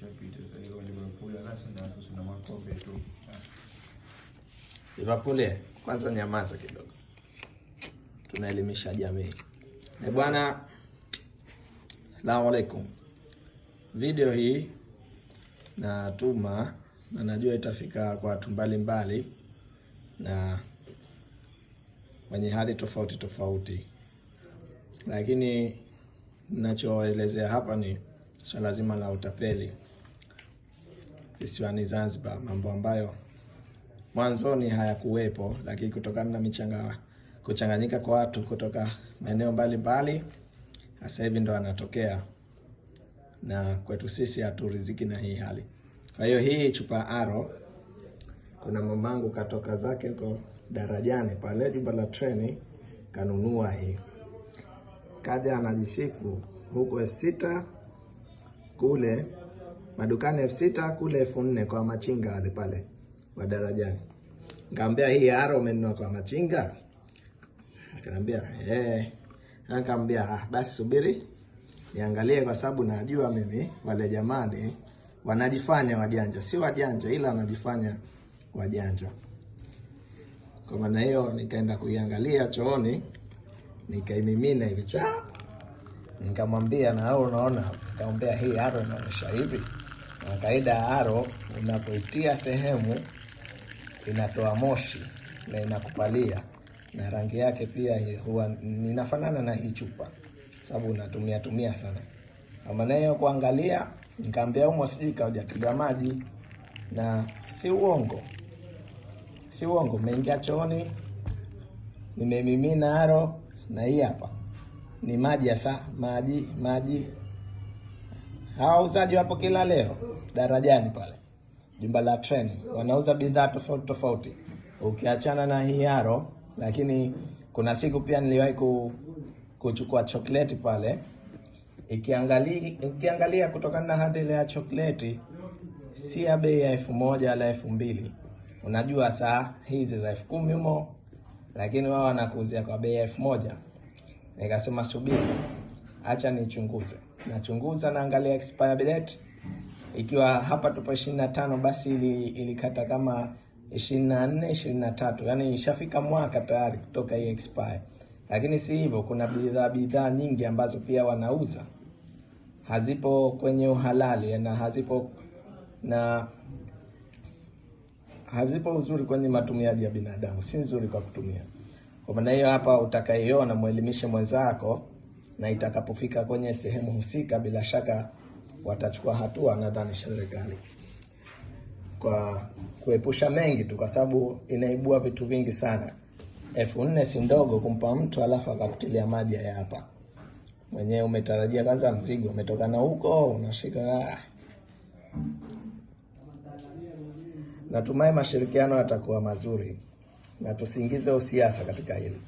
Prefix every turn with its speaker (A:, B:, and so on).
A: lishapita Liverpool eh, kwanza nyamaza kidogo. Tunaelimisha jamii. Eh, bwana Salamu alaikum. Video hii natuma na najua itafika kwa watu mbalimbali na wenye hali tofauti tofauti, lakini ninachoelezea hapa ni swala zima la utapeli visiwani Zanzibar, mambo ambayo mwanzoni hayakuwepo, lakini kutokana na michanga kuchanganyika kwa watu kutoka maeneo mbalimbali sasa hivi ndo anatokea, na kwetu sisi haturiziki na hii hali. Kwa hiyo hii chupa aro, kuna mamangu katoka zake huko darajani pale jumba la treni kanunua hii, kaja anajisifu huko sita kule madukani elfu sita kule elfu nne kwa machinga wale pale wa darajani. Nikamwambia hii aro umenunua kwa machinga? Akaniambia eh. Nikamwambia ah, basi subiri niangalie, kwa sababu najua mimi wale jamani wanajifanya wajanja, si wajanja, ila wanajifanya wajanja. Kwa maana hiyo nikaenda kuiangalia chooni, nikaimimina hivi Nikamwambia na wewe unaona, nikamwambia hii aro inaonyesha hivi, na kaida ya aro unapoitia sehemu inatoa moshi na inakupalia, na rangi yake pia huwa inafanana na hii chupa, sababu unatumia tumia sana. Kama nayo kuangalia, nikamwambia humo sijui kidwa maji, na si uongo, si uongo, umeingia chooni, nimemimina aro na hii hapa ni maji hasa, maji maji. Hawa wauzaji wapo kila leo darajani pale, jumba la treni, wanauza bidhaa tofauti tofauti, ukiachana na hiaro. Lakini kuna siku pia niliwahi ku, kuchukua chokleti pale, ikiangalia ikiangalia kutokana na hadhi ya chokleti, si ya bei ya elfu moja wala elfu mbili Unajua saa hizi za elfu kumi humo, lakini wao wanakuuzia kwa bei ya elfu moja. Nikasema subiri, acha nichunguze. Nachunguza naangalia expiry date, ikiwa hapa tupo 25 basi ili ilikata kama 24 23, yani ishafika mwaka tayari kutoka hii expire. Lakini si hivyo, kuna bidhaa bidhaa nyingi ambazo pia wanauza hazipo kwenye uhalali na hazipo na hazipo uzuri kwenye matumiaji ya binadamu, si nzuri kwa kutumia. Kwa maana hiyo, hapa utakayeona mwelimishe mwenzako, na itakapofika kwenye sehemu husika, bila shaka watachukua hatua, nadhani serikali kwa kuepusha mengi tu, kwa sababu inaibua vitu vingi sana. Elfu nne si ndogo kumpa mtu alafu akakutilia maji ya hapa. Mwenyewe umetarajia kwanza mzigo umetoka na huko unashika. Ah. Natumai mashirikiano yatakuwa mazuri na tusiingize siasa katika hili.